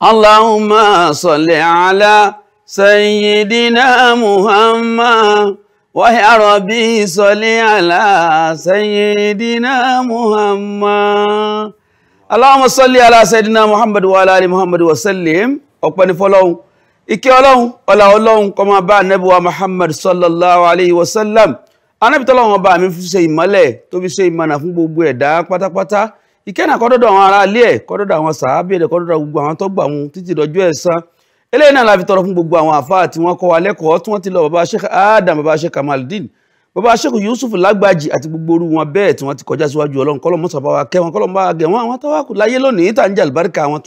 اللهم salli على سيدنا محمد wa ya Rabbi salli ala sayyidina Muhammad. Allahumma salli ala sayyidina Muhammad wa ala ali Muhammad wa sallim ọ̀pẹ́ ní fọ́lọ́hun. Ìkẹ́ ọlọ́hun, ọlá ọlọ́hun kó máa bá Ànábì wa Muhammad sallallahu alayhi wa sallam. Ànábì tọ́lọ́hun ọba mi fi ṣe ìmọ́lẹ̀ tó fi ṣe ìmọ̀nà fún gbogbo ẹ̀dá pátápátá ìkẹ́nà kọ́dọ̀dọ̀ àwọn ará ilé ẹ̀ kọ́dọ̀dọ̀ àwọn sàábì ẹ̀ kọ́dọ̀dọ̀ gbogbo àwọn tó gbà wọn títí dọjọ́ ẹ̀san eléyìí náà la fi tọrọ fún gbogbo àwọn àfáà tí wọ́n kọ́ wa lẹ́kọ̀ọ́ tí wọ́n ti lọ bàbá Sheikh Adam bàbá Sheikh Kamaldeen bàbá Sheikh Yusuf Lágbàjì àti gbogbo orú wọn bẹ́ẹ̀ tí wọ́n ti kọjá síwájú Ọlọ́run kọ́lọ́ mọ́sàbá wa kẹ́ wa gẹ̀ wọn àwọn táwa kù láyé lónìí tá ń jẹ àlùbáríkà àwọn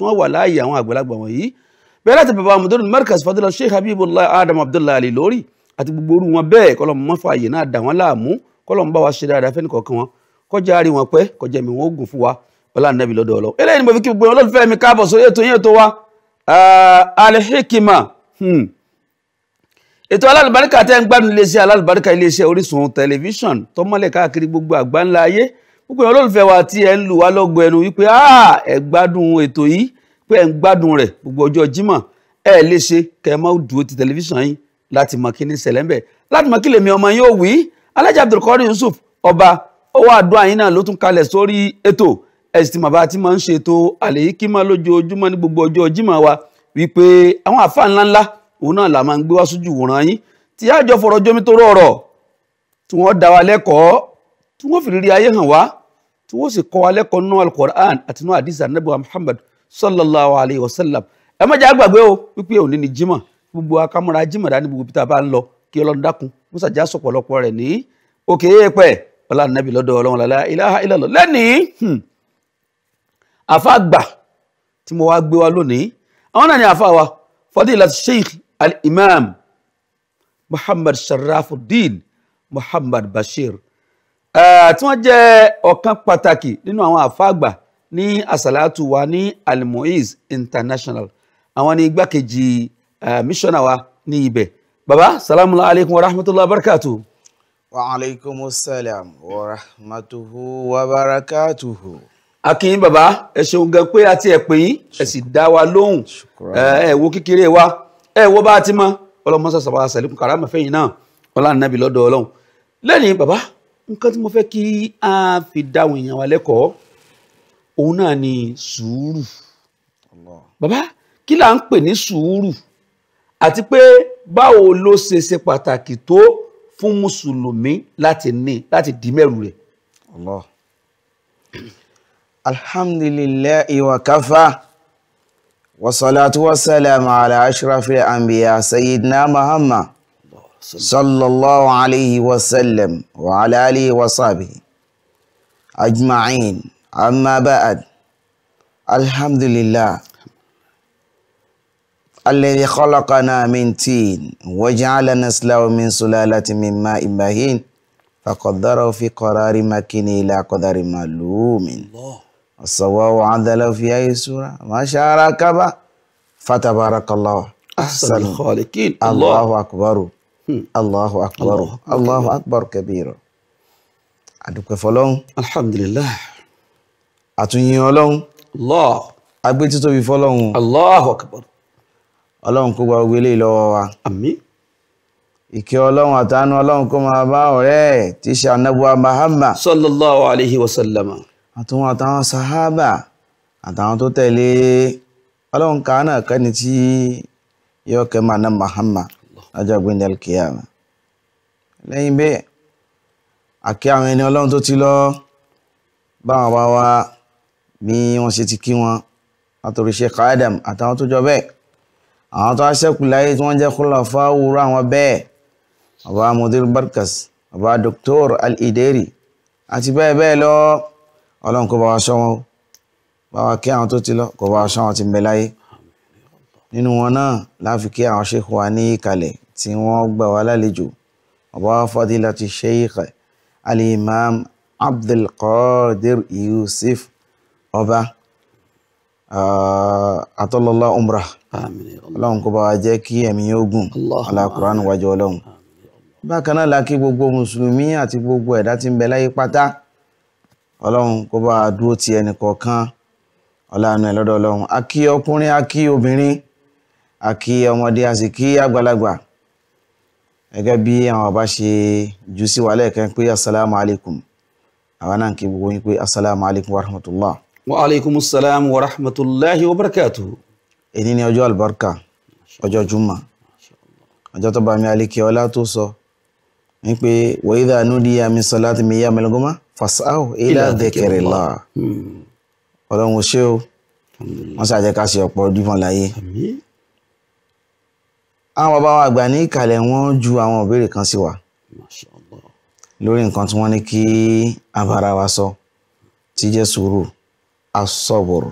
Habibullah Adam Abdullahi Ali Lori àti gbogbo orú wọn bẹ́ẹ̀ kọ́lọ́ mọ́fà àyè náà dà wọ́n láàmú kọ́lọ́ kọjá rí wọn pẹ́ kọjá mi wọn ó gùn fún wa ọlá nàbí lọ́dọ̀ ọlọ́ eléyìí ni mo fi kí gbogbo olólùfẹ́ mi káàbọ̀ sórí ètò yẹn tó wa eh, alihikima hmm. ètò alálùbáríkà tẹ́ ń gbádùn iléeṣẹ́ alálùbáríkà iléeṣẹ́ Orísun tẹlifíṣàn tó mọ́lẹ̀ káàkiri gbogbo àgbáńlá ayé gbogbo olólùfẹ́ wa tí ẹ ń lù wá lọ́gọ ẹnu wípé ah, ẹ gbádùn ètò yìí pé ẹ ń gbádùn rẹ̀ gbogbo ọjọ́ Jímọ̀ ẹ lè kẹ ẹ má dúró ti tẹlifíṣàn yín láti mọ kí ní ṣẹlẹ̀ ń bẹ̀ láti mọ kí lèmi ọmọ yín ò wí Alhaji Abdulkadir Yusuf ọba owó àdúrà yín náà ló tún kalẹ̀ sórí ètò ẹ̀sìn bàbá tí máa ń ṣe ètò àlèyíkímọ́ lójoojúmọ́ ní gbogbo ọjọ́ Jímọ̀ wa wípé àwọn àfáà ńláńlá òun náà là máa ń gbé wá sójú wòran yín tí a jọ fọ̀rọ̀ jómi tó rọ̀rọ̀ tí wọ́n dá wa lẹ́kọ̀ọ́ tí wọ́n fìrírí ayé hàn wá tí wọ́n sì kọ́ wa lẹ́kọ̀ọ́ nínú alukoran àti nínú àdìsá Ànábì Muhammad sallallahu alayhi wa sallam ẹ má jẹ́ á gbàgbé o wípé òní ni Jímọ̀ gbogbo akámúra Jímọ̀ dání gbogbo pété a bá ń lọ ọlá nẹ́bì lọ́dọ̀ ọlọ́run lálá ilaha illallah lẹ́nìí hmm, àfa àgbà tí mo wá gbé wa lónìí àwọn náà ni àfa wa fadilat sheikh al-imam muhammad sharafuddin muhammad bashir eh, tí wọ́n jẹ́ ọ̀kan pàtàkì nínú àwọn àfa àgbà ní àsàlátù wa ní almuiz international àwọn ni igbákejì eh, mísọ́nà wa ní ibẹ̀ baba salamu alaykum wa rahmatullahi barakatuh wa sálàm wàràhàmàtúhù wàbàràkàtúhù. akin bàbá ẹ ṣeun gan pé àti ẹ pè yín ẹ sì dá wa lóhùn ẹ wo kékeré wa ẹ wo bá a ti mọ ọlọmọ sàṣàbà sàlẹkùn kàràmà fẹyìn náà ọlànà nàbì lọ́dọ̀ Ọlọ́run lẹ́yìn bàbá nǹkan tí mo fẹ́ kí a fi dáhùn èèyàn wa lẹ́kọ̀ọ́ òun náà ni sùúrù baba kí là ń pè ní sùúrù àti pé báwo ló ṣe ṣe pàtàkì tó fún mùsùlùmí láti ní láti di mẹ́rù rẹ̀. Allah. alhamdulillahi wa kafa wa salatu wa salam ala ashrafil anbiya sayyidina muhammad sallallahu alayhi wa sallam wa ala alihi wa sahbihi ajma'in amma ba'd alhamdulillah. الذي خلقنا من تين وجعل نسله من سلالة من ماء مهين فقدره في قرار مكين إلى قدر معلوم وسواه عدل في أي سورة ما شاء ركب فتبارك الله أحسن الخالقين الله أكبر الله أكبر الله أكبر كبير أدوك فلون الحمد لله أتوني الله أبيت تبي فلون الله أكبر ọlọ́run kó gba gbogbo eléyìí lọ́wọ́ wa. àmín. ìkẹ́ ọlọ́run àtàánú ọlọ́run kó máa bá ọ̀rẹ́ ẹ̀ tí í ṣe anábùwà Muhammad. sallallahu alayhi wa sallam. àtúnwọ̀n àtàwọn sahaba àtàwọn tó tẹ̀lé ọlọ́run kàánà kẹ́ni tí yóò kẹ́ máa ná Muhammad lọ́jọ́ gbẹ̀ndẹ̀ kìíyàmù. lẹ́yìn bẹ́ẹ̀ àkí àwọn ẹni ọlọ́run tó ti lọ báwọn bá wa bí wọ́n ṣe ti kí wọn látòrí Sheikh Adam àtàwọn tó jọ bẹ́ẹ̀ àwọn tó aṣẹ́kù láyé tí wọ́n jẹ́ kúlọ̀fà wúrọ̀ àwọn bẹ́ẹ̀ bàbá Mudir Barkas bàbá Dr. Al-Ideri àti bẹ́ẹ̀ bẹ́ẹ̀ lọ ọlọ́run kó bá wa ṣọ́ wọn bá wa kí àwọn tó ti lọ kó bá wa ṣọ́ wọn ti ń bẹ láyé nínú wọn náà láfi kí àwọn ṣèkù wa ní ìkàlẹ̀ tí wọ́n gbà wá lálejò bàbá fadilati sheikh al-imam Abdulqadir Yusuf ọba àtọ́lọ́lá ah, umrah ọlọ́run kó bá wa jẹ́ kí ẹ̀mí ogun alákùránù wájú ọlọ́run bákan náà la kí gbogbo mùsùlùmí àti gbogbo ẹ̀dá tí ń bẹ láyé pátá ọlọ́run kó bá wa dúró ti ẹnì kọ̀ọ̀kan ọlọ́run ẹ̀ ọlọ́run a kí ọkùnrin a kí obìnrin a kí ọmọdé a sì kí àgbàlagbà gẹ́gẹ́ bí àwọn bàbá ṣe jù sí wa lẹ́ẹ̀kan pé asalaamualeykum àwọn náà kí gbogbo yín pé asalaamualeykum wa rahmatulah wa aleykum salaam wa rahmatulahi wa barakatu. èyí ni ọjọ́ àlùbáríkà ọjọ́ juma ọjọ́ tó bá mi alékè ọlá tó sọ wípé wa idha nudiya min salati min yawmil jumu'ah fas'aw ila dhikrillah ọlọ́run ṣé o wọ́n ṣàjẹ́ ká ọ̀pọ̀ ọdún láyé. àwọn bàbá wa àgbà ní ìkàlẹ̀ wọn ju àwọn ìbéèrè kan sí wa lórí nǹkan tí wọ́n ní kí abara sọ tí jẹ́ sùúrù asọ́bùrù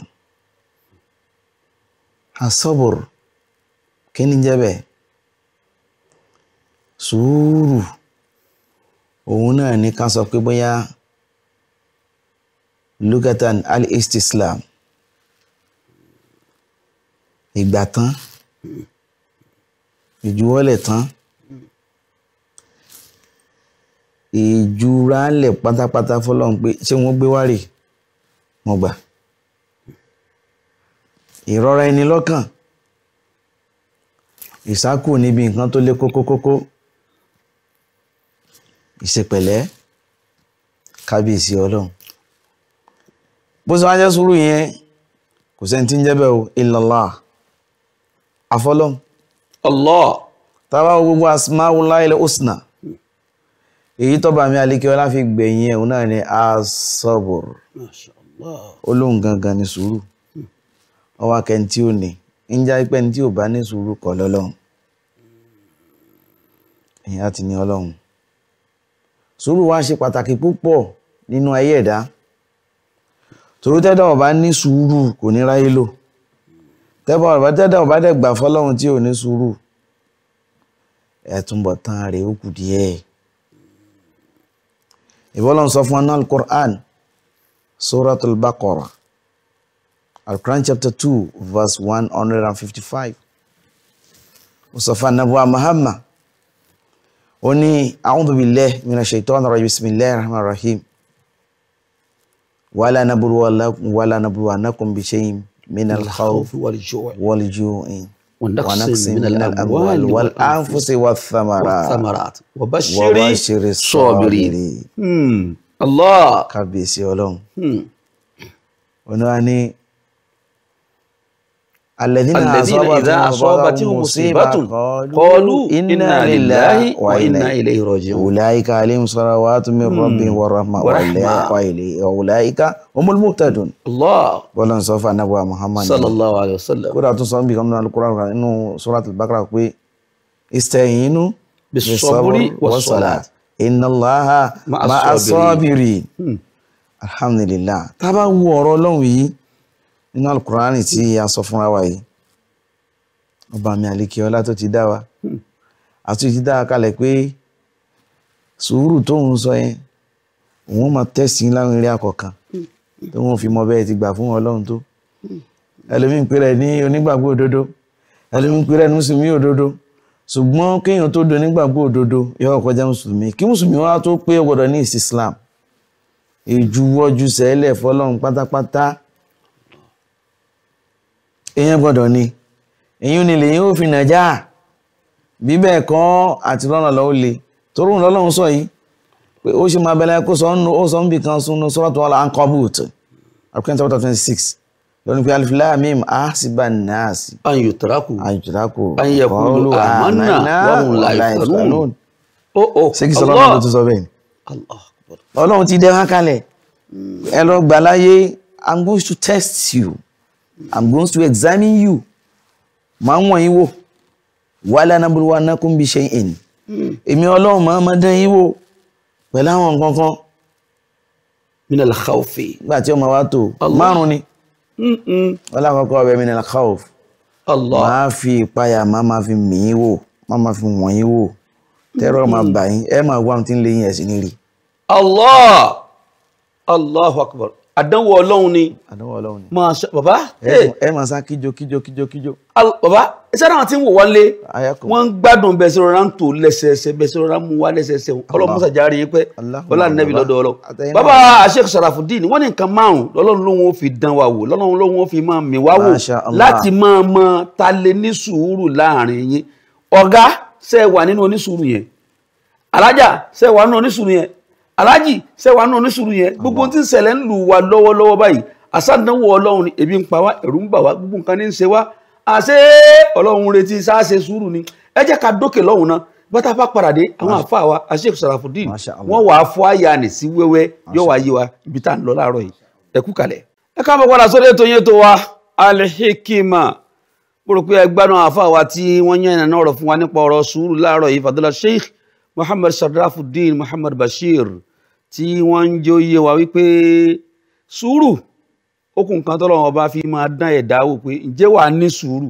asọ́bùrù kí ni jẹ́ bẹ́ẹ̀ sùúrù òun náà ní ká sọ pé bóyá lugatan al-istislam ìgbà tán ìjuwọ́lẹ̀ tán ìjúra lẹ̀ pátápátá fọlọ́run pé ṣé wọ́n gbé wárì mo ìrora ẹni lọ́kàn ìsákù níbi nǹkan tó lé kókókókó ìṣepẹ̀lẹ́ kábíyèsí ọlọ́run bó ṣe wá jẹ́ sùúrù yẹn kò sẹ́ni tí ń jẹ́ bẹ́ẹ̀ o illallah àfọlọ́n. Allah. tábà wo gbogbo asmaulail husna èyí tọ́ba mi alikiola fi gbẹ̀yìn ẹ̀ òun náà ni asabur olóhùn gangan ni sùúrù ọwọ́ akẹ́ni tí ò ní níjà pé ẹni tí ò bá ní sùúrù kọ́ lọ́lọ́run èyàn àti ní ọlọ́run sùúrù wá ṣe pàtàkì púpọ̀ nínú ayé ẹ̀dá torí tẹ́dá ọ̀bá ní sùúrù kò ní ráyé lò tẹ́bọ̀ ọ̀bá tẹ́dá ọ̀bá dẹ̀ gbà tí ò ní sùúrù ẹ̀túnbọ̀ tán rèé ó kù díẹ̀ ìbọ́lọ́n sọ fún anal Qur'an Suratul Baqarah Al-Quran chapter 2 verse 155 musafa nabuwa Muhammad Oni ní a'udhu billahi mina shaitani rajim bismillahir rahmanir rahim wala nabluwannakum wala nabluwannakum bi shay'in al Khawf wal ju'i ونقص من الأموال والأنفس والثمرات وبشر الصابرين الله kábíyèsí Ọlọ́run oníwà hmm. ní alẹ́dínà ìdá àsọ́bà tí wọ́n sì bàtún kọlu iná lílàáhí wà iná ilé ìrọ̀jì. wùláìka alim sọ́ra wà tún mi rọ́bì wàràmà wùláìka ọmọlmọ́tàdùn. bọ́lá ń sọ fún anábọ̀ muhammad. sallallahu alayhi wa sallam. kódà tún sọ ń bí kan nínú alukuran kan nínú suratul bakara pé istẹ̀yìnú bisọ́bùrì wàsọ̀lá iná láha ma asọ́bìrì. alhamdulillah tábà wù ọ̀rọ̀ ọlọ́run yìí nínú alukurani tí a sọ fúnra wa yìí ọba mi àlekè ọlá tó ti dá wa àti hmm. ti dá wa kalẹ̀ pé sùúrù tóun sọ yẹn òun máa tẹ̀sí láwọn eré àkọ́kàn hmm. tó wọn fi mọ bẹ́ẹ̀ ti gbà fún ọlọ́run tó hmm. ẹlòmíín péré ní onígbàgbọ́ òdodo ẹlòmíín péré ní mùsùlùmí òdodo ṣùgbọ́n kéèyàn tó do onígbàgbọ́ òdodo yóò kọjá mùsùlùmí kí mùsùlùmí wa tó pé ó ní ìsì Islam ìjuwọ́jú sẹ́lẹ̀ fọlọ́run pátápátá èèyàn gbọ́dọ̀ ni èyí ni lèyìn ó fi nàjà bí bẹ́ẹ̀ àti lọ́nà lọ́wọ́ le torún lọ́lọ́run sọ yìí pé ó ṣe máa bẹ̀rẹ̀ kó sọ ó sọ ń bì kan sunu sọ́rọ̀ tó wà Ankabut akẹ́kẹ́ chapter twenty six lónìí pé alif lam mim ahsiba an-nas. an yutraku an yutraku an yaqulu amanna wa hum la yuftanun. ó ó sẹ́kì sọ́lá náà ló ti sọ bẹ́ẹ̀ ni. ọlọ́run ti dẹ́ wá ẹ lọ gbà I'm going to test you. I'm going to examine you máa ń wọ̀n yín wò wala nabluwannakum bi shay'in èmi ọlọ́run máa máa dán yín wò pẹ̀lú àwọn nǹkan kan. minal khawfi. nígbà tí ọmọ wa tó márùn ni wọ́n lákọ̀ọ́kọ́ ọbẹ̀ minal khawf máa fi ìpayà máa máa fi mì yín wò máa máa fi wọ̀n yín wò tẹ́rọ máa bà yín ẹ máa wá ohun tí ń lé yín ẹ̀ sí ní Allah akbar àdánwò ọlọ́run ni àdánwò ọlọ́run ni ma ṣe bàbá ẹ ma eh. sá kíjo kíjo kíjo kíjo. bàbá iṣẹ́ náà ti ń wò wálé wọ́n ń gbádùn bẹ́ẹ̀ sọ̀rọ̀ rán tó lẹ́sẹẹsẹ bẹ́ẹ̀ sọ̀rọ̀ rán mú wá lẹ́sẹẹsẹ ọlọ́run musa járe yín pẹ́ ọlá nẹ́bí lọ́dọ̀ ọlọ́ bàbá Sheikh Sharafuddeen wọ́n ní nǹkan márùn lọ́lọ́run ló wọ́n fi dán wa wò lọ́lọ́run ló wọ́n fi máa mì wá wò láti máa mọ ta ní sùúrù láàrin yín aláàjì ṣẹwàá náà oníṣùúrù yẹn gbogbo tí ń ṣẹlẹ̀ ń lù wá lọ́wọ́lọ́wọ́ báyìí àsádánwò ọlọ́run ni ebi ń pa wá ẹ̀rù ń bà wá gbogbo nǹkan ní ń ṣe wá àṣé ọlọ́run retí sáàṣe sùúrù ni ẹ jẹ́ ká dókè lọ́hùn náà bọ́tà bá paradé àwọn àfáà wa Sheikh Sharafudeen wọ́n wàá fọ́ àyà nì sí wẹ́wẹ́ yóò wá yé wa ibi tá à ń lọ láàárọ̀ yìí ẹ kú kalẹ̀. ẹ káàbọ̀ padà sórí ètò yẹn tó wa Al-Hikima mo rò pé ẹ gbádùn àfáà wa tí wọ́n yẹn ìrìnà ọ̀rọ̀ fún wa nípa ọ̀rọ̀ sùúrù láàárọ̀ yìí fàdúrà Sheikh Muhammad Sharafudeen Muhammad Bashir tí wọ́n ń jó yé wa wípé sùúrù okùn kan tọ́lọ́run ọba fi máa dán ẹ̀dá wò pé ǹjẹ́ wàá ní sùúrù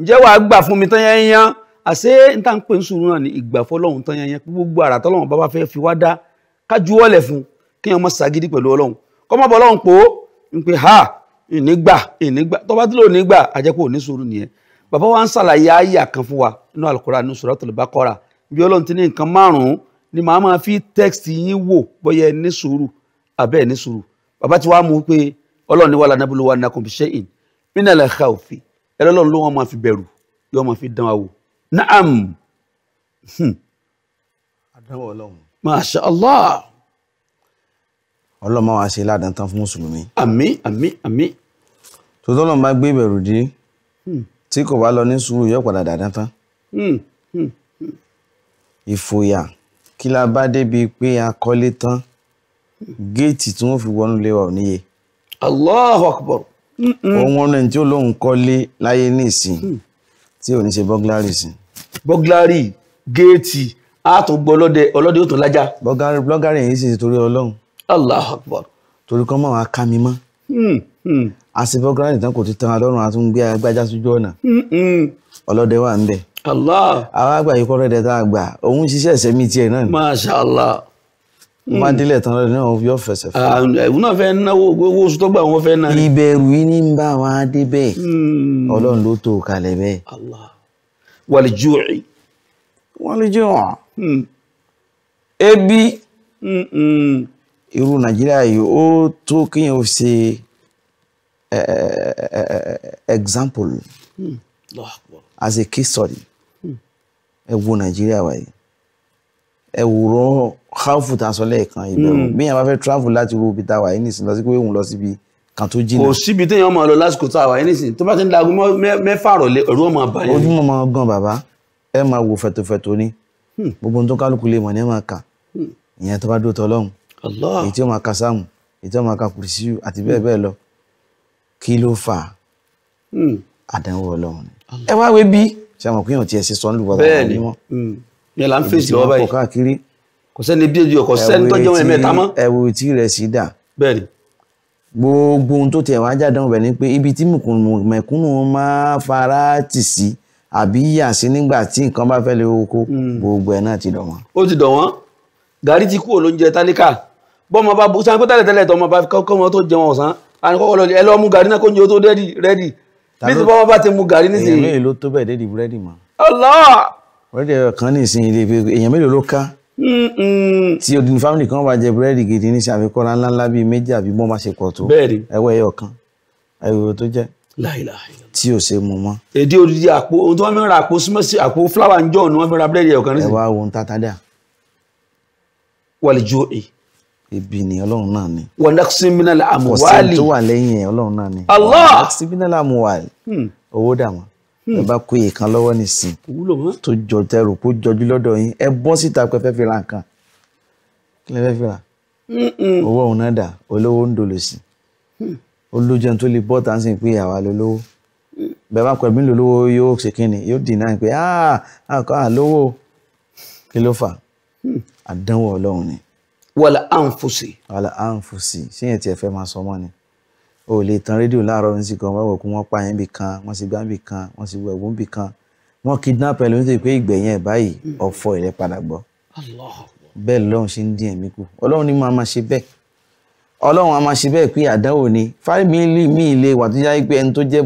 ǹjẹ́ wàá gbà fún mi tán yẹn yán àṣé n tá n pè ń sùúrù náà ní ìgbà fọlọ́run tán yẹn pé gbogbo àrà tọ́lọ́run ọba bá fẹ́ fi wá dá ká juwọ́lẹ̀ fún kí wọ́n mọ̀ ṣàgídí pẹ̀lú ọlọ́run kọ́ mọ́ bọ́ pò ó ń pè ha ìnígbà ìnígbà tó bá dúró nígbà àjẹpọ̀ òní sùúrù nìyẹn bàbá wa ń ṣàlàyé àyà kan fún wa nínú Al-Qur'an nínú Suratul bí ọlọ́run ti ní nǹkan márùn-ún ni màá máa fi text yín wò bóyá ẹ ní sùúrù àbẹ́ ẹ ní sùúrù bàbá tí wàá mú pé ọlọ́run ní wàhálà nábìlú wa nàkùn fi ṣe in nínú ẹ̀lẹ́ ẹ̀ka òfin ẹlọ́run ló wọn máa fi bẹ̀rù yóò máa fi dán wa wò naam hmm. àdánwò ọlọ́run masha allah ọlọ́run máa wá ṣe ládàá tán fún mùsùlùmí àmín àmín àmín tó tọ́lọ́run bá gbé ìbẹ̀rù dé hmm. tí kò bá lọ ní sùúrù yóò padà dàdán tán ìfòyà. Hmm. Hmm. hmm kí la bá débi pé a kọ́lé tán géètì tí wọ́n fi wọnú lé wa ò níye. Allahu Akbar. òun wọn náà tí ó lóun kọ́lé láyé ní ìsìn hmm. tí ò ní ṣe bọ́gláàrì sí. bọ́gláàrì géètì àtúgbọ́ ọlọ́dẹ ọlọ́dẹ yóò tó lájà. bọ́gláàrì yìí sì ti torí ọlọ́run. Allahu Akbar. torí kọ́ mọ́ àwọn akámi mọ́. àṣìbọ́gláàrì tán kò ti tan alọ́run àtúngbé agbájá sójú ọ̀nà. Hmm, hmm. ọlọ́dẹ wà ń bẹ̀. Allah. àwọn àgbà yìí kọ́rọ̀ ẹ̀dẹ̀ tá a gbà òun ṣiṣẹ́ ìṣẹ́mi tiẹ̀ náà ni. Masha Allah. má délẹ̀ tán lọ́dún náà yóò fẹsẹ̀ fún. àwọn ah, náà fẹ́ náwó owó oṣù tó gbà wọ́n fẹ́ náà. ìbẹ̀rù yìí ní bá wa dé bẹ́ẹ̀ hmm. ọlọ́run ló tó kalẹ̀ bẹ́ẹ̀. Allah wal ju'i. Hmm. ebi irú nàìjíríà yìí ó tó kíyàn ó ṣe eh, eh, eh, example hmm. as a case study ẹ wo nàìjíríà wáyé ẹ wòrán káfù tá a sọ lẹ́ẹ̀kan ìbẹ̀rù hmm. bí yàrá fẹ́ travel láti wo ibi tá a wà yìí nìsín lọ sí pé òun lọ síbi kan tó jìnnà. kò síbi téèyàn máa lọ lásìkò tá a wà yìí nìsín tó bá ti ń dagun mẹ́fà rọ̀lẹ́ ẹ̀rú ọmọ àbáyé. ojúmọ́ máa gan bàbá ẹ máa wo fẹ̀tọ̀fẹ̀tọ̀ ni hmm. gbogbo tó kálukú lè mọ̀ ní ẹ máa kà hmm. ìyẹn tó bá dó tọ́ lọ́hùn èyí tí ó máa ka sáàmù èyí tí ó máa ka kùrìsíù àti bẹ́ẹ̀ bẹ́ẹ̀ lọ kí ló fà á àdánwò ọlọ́run ẹ wá wé bí ṣe àmọ̀ pé èèyàn tiẹ̀ ṣe sọ ń lù bọ́dà àwọn onímọ̀. bẹ́ẹ̀ni mm. yẹn là ń fèsì lọ́wọ́ báyìí kò sẹ́ni bí èjì ọkọ̀ sẹ́ni tó jẹun ẹ̀mẹ́ta mọ́. ẹ̀wù tí rẹ̀ sì dà. bẹ́ẹ̀ni. gbogbo ohun tó tiẹ̀ wá jáde ọ̀bẹ̀ ni pé ibi tí mẹ̀kúnnù máa fara tì sí àbí yà sí nígbà tí nǹkan bá fẹ́ lé oko mm. gbogbo ẹ̀ náà ti dọ̀ wọ́n. ó ti dọ̀ wọ́n gàrí ti kúrò lóúnjẹ tálíkà bọ́mọ bá bu sanko tẹ́lẹ̀ tẹ́lẹ̀ tọmọ bá kọ́mọ tó jẹun ọ̀sán àníkọ́kọ́ lọ ẹ bí ti bọ́wọ́ bá ti mu gàrí nísìnyí. èèyàn mélòó ló tó bẹ́ẹ̀ dédìí búrẹ́dì mọ́. Allah. búrẹ́dì ẹ̀rọ kan ní ìsinyìí dé èèyàn mélòó ló ká. tí odi ní fámìlì kan bá jẹ búrẹ́dì gidi ní sàfikọ́ra ńláńlá bíi méjì àbí mọ́ máa ṣe pọ̀ tó. bẹ́ẹ̀ni ẹwọ́ ẹyọ kan ẹwọ́ tó jẹ́. tí ò ṣe mu mọ́. èdè odidi àpò ohun tí wọ́n fi ra àpò símẹ́sì àpò fúláwà ń jọ ni wọ́n fi ra búrẹ́dì ẹ̀rọ kan nísìnyìí. ẹ wá wo ń tatadà. wàlíjọ́ èyí ibi ni ọlọ́run náà ni. wọ́n náà sí mínàlá àmúwálì. kọ̀sẹ́ tó wà lẹ́yìn ẹ̀ ọlọ́run náà ni. Allah wọ́n sí mínàlá àmúwálì. Hmm. owó dà wọ́n. Hmm. ẹ bá kó èèkan lọ́wọ́ nísìn. wúlò mọ́. tó jọ tẹrù kó jọjú lọ́dọ̀ yín ẹ bọ́ síta pé fẹ́ fi ra nǹkan. kí lẹ fẹ́ fi ra. Hmm. owó òun náà dà olówó ń dolo sí. olójẹun tó lè bọ́ tà ń sìn pé àwa lolówó. bẹ́ẹ̀ bá pẹ̀lú lolówó yóò ṣe kí ni yóò dì náà pé ah àlówó kí ló fà àdánwò ọlọ́run ni wàlà ànfùsì. wàlà ànfùsì ṣé yẹn tiẹ̀ fẹ́ máa sọ mọ́ ni o lè tan rédíò láàárọ̀ ní sìkan wọ́n wọ̀ kó wọ́n pa yẹn bì kan wọ́n sì gbá bì kan wọ́n sì wọ̀ ẹ̀wọ̀n bì kan wọ́n kidnap ẹ̀ lóyún tó pé ìgbẹ̀yìn ẹ̀ báyìí hmm. ọ̀fọ̀ ìrẹ́ padà gbọ́. bẹ́ẹ̀ lọ́run ṣe ń dín ẹ̀mí kù ọlọ́run ni máa máa ṣe bẹ́ẹ̀ ọlọ́run a máa ṣe bẹ́ẹ̀ pé àdánwò ni fáìmìlì mi ilé wà tó yá pé ẹni tó jẹ́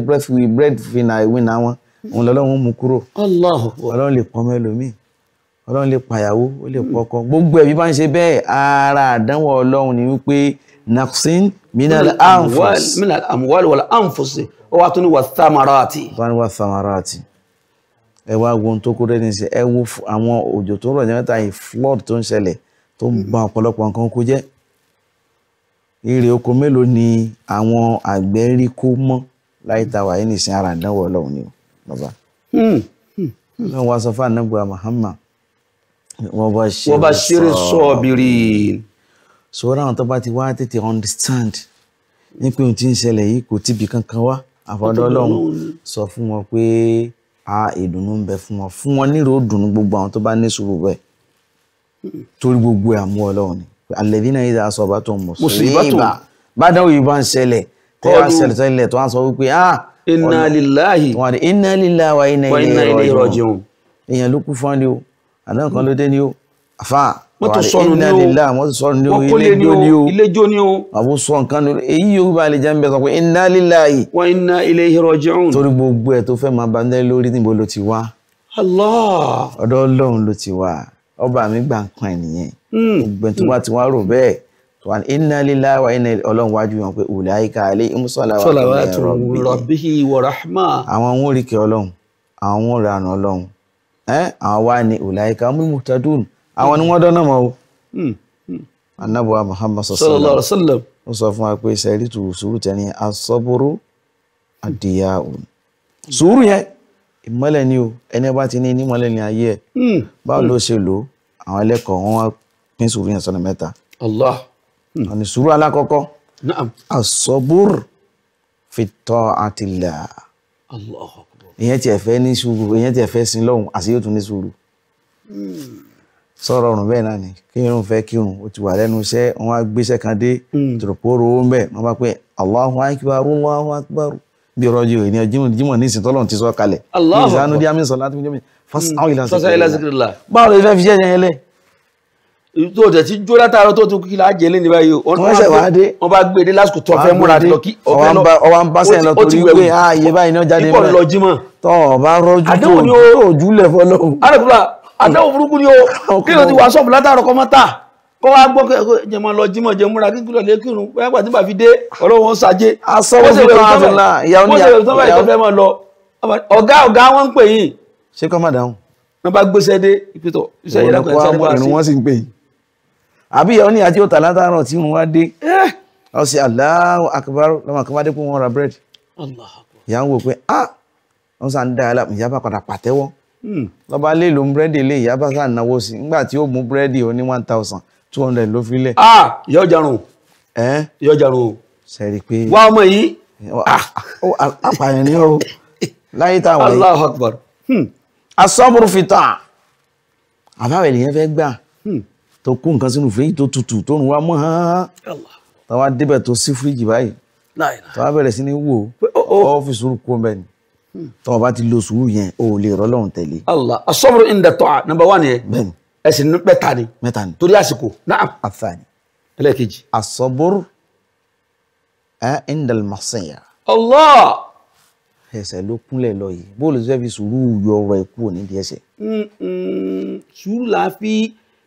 bread winner wọn hmm. òun lọ́lọ́run mú kúrò ọlọ́run lè pọ́n mẹ́lòmíì ọlọ́run lè pàyàwó ó lè hmm. pọkọ gbogbo ẹbí bá ń ṣe bẹ́ẹ̀ ara àdánwò ọlọ́run ni wípé nafsin minal anfus minal amwal wal anfus ó wá tún ní wasamarati. wọ́n ní wasamarati ẹ wá gbóhun tó kúrẹ́ ní ṣe ẹ wo àwọn òjò tó rọ̀ ní mẹ́ta yìí flood tó ń ṣẹlẹ̀ tó ń ba ọ̀pọ̀lọpọ̀ nǹkan kó jẹ́ èrè oko mélòó ni àwọn àgbẹ̀ rí kó mọ́ láì ta wàyí nìsín ara àdánwò ọlọ́run ni bàbá. Hmm. Hmm. ọlọ́run wá sọ fún ànágbà Muhammad wọ́n bá ṣeré sọ́ọ̀bìrì. sọ̀rọ̀ àwọn tó bá ti wá tètè understand ní pé ohun tí ń ṣẹlẹ̀ yìí kò tíbi kankan wá àfọ̀dọ̀ sọ fún wọn pé a ìdùnnú ń bẹ fún wọn fún wọn nírò dùnnú gbogbo àwọn tó bá ní sùúrù bẹ́ẹ̀ torí gbogbo àmú ọlọ́run ni alladhina idha asabathum musibatun bádàwọ̀ yìí bá ń ṣẹlẹ̀ tó wá ṣẹlẹ̀ tẹ́lẹ̀ tó wá sọ wípé a inna lillahi wa inna ilayhi raji'un èèyàn ló kú fún wa ni o àná nǹkan ló dé ní o àfa mọ́tò sọnù ní o ìlà mọ́tò sọnù ní o ilé-ijó ní o ilé-ijó ní o àwọn sọ nǹkan ní o èyí yóò bá lè jẹ́ ń bẹ sọ pé inna lillahi wa inna ilayhi raji'un. torí gbogbo ẹ̀ tó fẹ́ máa bá nílẹ̀ lórí níbo ló wà hmm. hmm. ní Ọlọ́run wájú wọn pé ulaika alayhim salawatu min rabbihim wa rahma. àwọn wọn rí Ọlọ́run àwọn wọn rà àwọn wá ní ọ̀làyíká múlùmùtàdùn àwọn ni wọ́n dáná mọ́ o. anábọ̀wá hmm, hmm. muhammad sallallahu alayhi wa sallam ó sọ fún wa pé sẹ́rí tù sùúrù tẹ́ ní asọ́bùrú àdìyà òun. sùúrù yẹn ìmọ́lẹ̀ ni o ẹni bá ti ní nímọ́lẹ̀ ní ayé ẹ̀ hmm, báwo ló ṣe lò àwọn ẹlẹ́kọ̀ọ́ wọn pín sùúrù yẹn sọ́nà mẹ́ta. Allah. sùúrù alákọ̀ọ́kọ́ asọ́bùrú fi ta'atillah. Allah ìyẹn tiẹ̀ fẹ́ ní sùúrù ìyẹn tiẹ̀ fẹ́ sin lọ́hùn àti yóò tún ní sùúrù sọ̀rọ̀ ọ̀run bẹ́ẹ̀ náà ni kírun fẹ́ kírun ó ti wà lẹ́nu iṣẹ́ wọn á gbéṣẹ́ kan dé hmm. tòròpóró ń bẹ̀ wọn bá pé Allahu akbar Allahu akbar bí ọ̀rọ̀ yìí ni ọjọ́ Jímọ̀ ní ìsìn tọ́lọ́run ti sọ kalẹ̀ ní ìsànú díàmísọ̀ láti fi jẹ́ mi fásitì àwọn ìlànà báwo ló tó o tẹ̀sí jó látàárọ̀ tó tún kí láàjẹ́ lé ní báyìí o. wọ́n ṣe wàá dé. wọ́n bá gbé e dé lásìkò tó fẹ́ múra lọ kí ọ̀fẹ́ lọ. ọwọ́ ń bá sẹ́yìn lọ torí pé ààyè ah, báyìí náà jáde mẹ́rin. ìpọ̀lọ́ jímọ̀. tọ́ ọ bá rọ́jú tó o júlẹ̀ fọlọ́. alẹ́kùnrin àdáwò burúkú ni o kí ló ti wá sọ́ọ̀bù látàárọ̀ kọ́ mọ́ta kó wá gbọ́ jẹ mọ́ lọ jímọ̀ jẹ múra kíkúrọ̀ lékìrún bóyá pàtí bàfi dé ọlọ́wọ́ ń ṣàjẹ́ asọ́wọ́ fún tó wá fún la ìyàwó ní ìyàwó fẹ́ mọ́ lọ ọ̀gá ọ̀gá wọn ń pè yín. ṣé kọ́ má dáhùn. wọn bá gbéṣẹ́ dé ìpètò iṣẹ́ ìyàlẹ́kọ̀ọ́ ìṣẹ́ ìwọ́n sì àbí ìyàwó ní àti òtà látàárọ̀ tí wọ́n wá dé wọ́n eh! sì Allahu akbar lọ́mọ kan wá dé pé wọ́n ra bread ìyá ń wò pé ah wọ́n sàn ń dá yàrá ìyá bá padà pàtẹ́wọ́ hmm. lọ́ba lè lo búrẹ́dì lé ìyá bá sàn náwó sí nígbà tí ó mú búrẹ́dì ó ní one thousand two hundred ló fi lẹ̀. ah ìyá ọjà rùn ìyá ọjà rùn o sẹ́rí pé wá ọmọ yìí apààyàn ah! ni o láyé táwọn yìí Allahu akbar hmm. asọ́bùrù fìtà àbáwẹ̀ lèyàn fẹ́ gbà tó kó nǹkan sínú fèyí tó tutù tó rùn wá mọ́ hán táwa débẹ̀ tó sí fíríjì báyìí táwa bẹ̀rẹ̀ sí ní wò ó fi sùúrù kó mẹ́ni tọ́wọ́ bá ti lo sùúrù yẹn o ò lè rọ́lọ́run tẹ̀lé. Allah asọ́bùrù ìndẹ̀ tọ́ a number one yẹn bẹ́ẹ̀ni ẹ̀sìn mẹ́ta ni mẹ́ta ni torí àsìkò náà. àfààní ẹlẹ́ẹ̀kejì. asọ́bùrù ẹ̀ ìndẹ̀ màsìnyà. Allah ẹsẹ̀ ló kúnlẹ̀ lọ yìí bóòlù fẹ́ sùúrù yọ ọ̀rọ̀ ẹ̀kú òní di ẹsẹ̀. Hmm, hmm. sùúrù la fi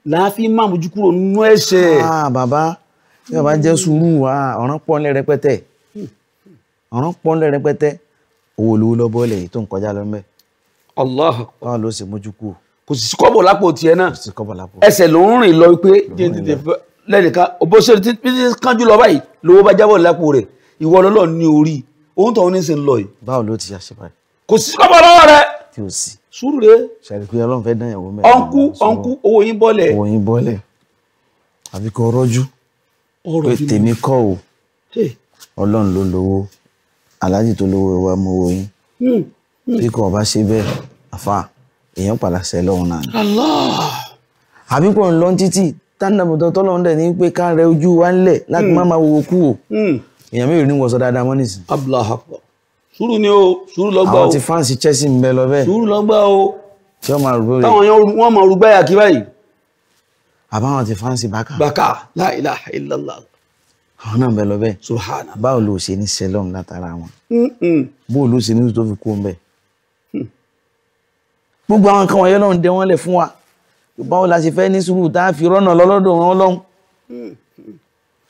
láàfin máa mójú kúrò nínú ẹ̀ṣẹ̀. Ah, bàbá tí bàbá jẹ́ sùúrù ọ̀ràn pọ̀ nílẹ̀ rẹpẹtẹ ọ̀ràn pọ̀ nílẹ̀ rẹpẹtẹ owó olówó lọ́bọ̀ ilẹ̀ yìí tó ń kọjá lọ mẹ́. Allah. báwo ló ṣe mójú kúrò. kò sì sí kọ́bọ̀ lápò tiẹ̀ náà kò sí kọ́bọ̀ lápò. ẹsẹ̀ ló ń rìn lọ pé lẹ́nìkan bó ṣe kánjú lọ báyìí lówó bá jábọ̀ lápò rẹ̀ ìwọ lọ́lọ́ ní orí ohun tó ń ní sìn lọ yìí. báwo ló ti ṣe àṣepá yìí. kò sí kọ́bọ̀ lọ́wọ́ rẹ̀ tí ò sí. sùúrù rẹ. ṣàlùkù ọlọ́run fẹ́ dán ìyàwó mẹ́rin. ọ̀nkú ọ̀nkú owó yín bọ́lẹ̀. owó yín bọ́lẹ̀ àfi kò rọ́jú. ọ̀rọ̀ jùlọ pé tèmi kọ́ o ọlọ́run ló lówó aláàjì tó lówó wa mú owó yín. Hmm, hmm. bí kò bá ṣe bẹ́ẹ̀ àfa èèyàn pàlàṣẹ lọ́run náà ni. àbí kò ń lọ títì tánàbùtàn tọ́lọ́run dẹ̀ ní pé ká rẹ ojú wa ńlẹ̀ láti hmm. má máa wo kú o èèyàn mẹ́rin ní wọ́sọ sùúrù ni o sùúrù lọ́gbà o àwọn ti fáǹsì Chelsea ń bẹ lọ bẹ́ẹ̀ sùúrù lọ́gbà o tí wọ́n máa rúgbó rẹ̀ táwọn yẹn wọ́n máa rúgbá yà kí báyìí. àbáwọn ti fáǹsì bàkà. bàkà la ilaha illallah. àwọn náà ń bẹ lọ bẹ́ẹ̀ subhana báwo ló ṣe ní sẹlọm látara wọn bó ló ṣe ní tó fi kó ń bẹ. gbogbo àwọn kan wọ̀nyẹn lọ́n dẹ wọ́n lẹ̀ fún wa báwo la ṣe fẹ́ ní sùúrù tá a fi rọ́nà lọ́lọ́dọ̀ wọn lọ́hùn hmm.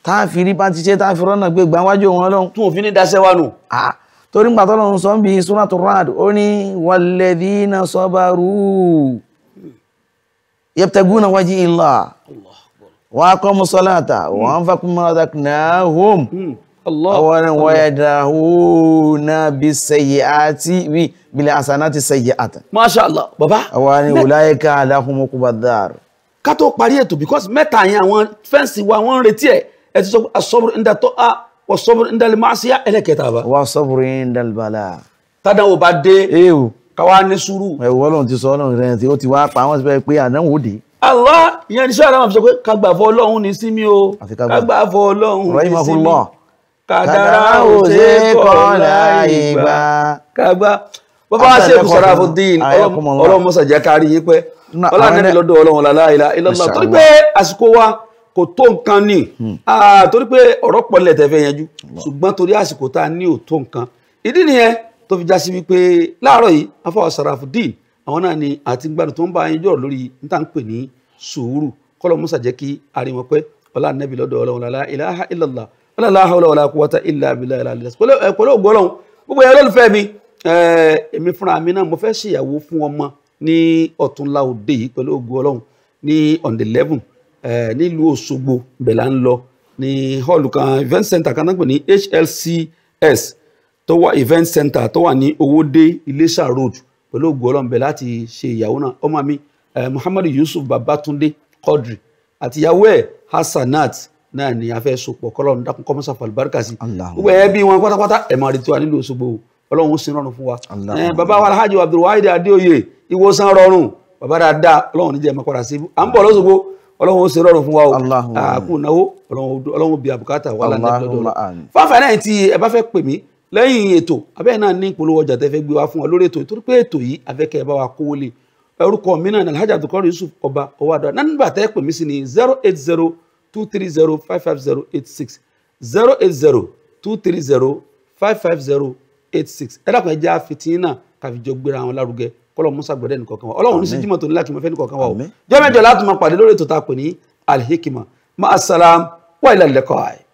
tá a fi rí bá ti ṣe tá a fi rọ́nà gbé gbàwájú wọn lọ́hùn. tún òfin ní daṣẹ́ wa nù. Ah, torí pàtó lọ́run sọ ń bi súnàtò rad ó ní walladhina sabaru yabtaguna wajhi Allah wa aqamu salata wa anfaqu mimma razaqnahum àwọn wayadahuna bisayyiati bil hasanati sayyi'atan. masha Allah baba. àwọn ni ulaika lahum uqbad dar. ká tó parí ètò because mẹ́ta yẹn àwọn fẹ́ǹsì wa wọ́n ń retí ẹ̀ ẹ̀ ti sọ asọ́bùrù ń dàtọ́ a wọ́sọ́bùrù ndàlì máa ṣíyá ẹlẹ́kẹta bá. wọ́sọ́bùrù ndàlì bàlá. tádà wo bá dé. ewu káwá ní sùúrù. ẹ̀wù ọlọ́run ti sọ ọlọ́run rẹ̀ tí ó ti wá pa àwọn síbẹ̀ pé àdánwò dé. Allah ìyẹn ní sọ́ra máa pé kagbà ọlọ́run ní sí mi o kagbà ọlọ́run ní sí mi. kàdàrà ò ṣe kọ́lá ìgbà. kagbà bàbá ṣe kò sọ́ra fún dín ọlọ́run mọ́sàjẹ́ kárí yí pé ọlọ́run lọ́dọ̀ ọlọ́run làlá ìlà ìlọ́lá torí pé àsìkò wa kò tó nǹkan ni hmm. torí pé ọ̀rọ̀ pọ̀lẹ̀ tẹ̀fẹ́ yanjú ṣùgbọ́n torí àsìkò tá a ní ò tó nǹkan ìdí nìyẹn tó fi já sí wípé láàárọ̀ yìí afáwà Sharafudeen àwọn náà ni àti gbàdùn tó ń bá yín jọ̀rọ̀ lórí níta ń pè ní sùúrù kọ́lọ̀ musa jẹ́ kí arí wọn pẹ́ ọlá nẹ́bí lọ́dọ̀ ilaha illallah ọlá láha illa billah ilá ilá pẹ̀lú ògbó ọlọ́run gbogbo ẹ̀ olólùfẹ́ mi èmi fúnra mi náà mo fẹ́ ṣèyàwó fún ọlọ́run ní on the eleven nílùú Òṣogbo bẹ̀là ń lọ ní hall kan event center kan náà pè ní HLCS tó wà event center tó wà ní Owódé Iléṣà road pẹ̀lú ògo Ọlọ́run bẹ̀ láti ṣe ìyàwó náà ọmọ mi Muhammadu Yusuf Babatunde Quadri àtìyàwó ẹ̀ Hassanat náà ni a fẹ́ sopọ̀ kọ́lọ́run dákun kọ́mọ́sá fàlùbáríkà sí gbogbo ẹ̀ bí wọn pátápátá ẹ̀ máa rí tiwa nílùú Òṣogbo Ọlọ́run ó sin rọrùn fún wa Baba wa Alhaji Abdulwahid Adéoyè ìwòsàn rọrùn Baba dáadáa Ọlọ́run níjẹ́ ẹ̀ máa padà sí à ń bọ̀ lọ́sọ̀gbọ́ ọlọ́run ó ṣe rọrùn fún wa o àkú náwó ọlọ́run bí àbùkátà wà lálẹ́dọ́dọ́ lọ fáfẹ́ náà tí ẹ bá fẹ́ pè mí lẹ́yìn ètò abẹ́ náà ní ìpolówó ọjà tẹ́fẹ́ gbé wa fún wa lórí ètò torí pé ètò yìí afẹ́kẹ́ ẹ bá wa kówó lé orúkọ mi náà alhaji abdulkar yusuf ọba owó àdúrà náà nígbà tẹ́ pè mí sí ni zero eight zero two three zero five five zero eight six zero eight zero two three zero five five zero eight six ẹ dákun ẹ jẹ́ àfitì náà káfíjọ gbéra àwọn lárugẹ kọ́lọ̀ musa gbọ́dẹ̀ nìkọ̀kan wa ọlọ́run ní sí jímọ̀ tó ní láti mọ̀ fẹ́ nìkọ̀kan wa o jọ́mẹ́jọ láti máa pàdé lórí ètò tá a pè ní alhikima ma asalam wa ilal liqaa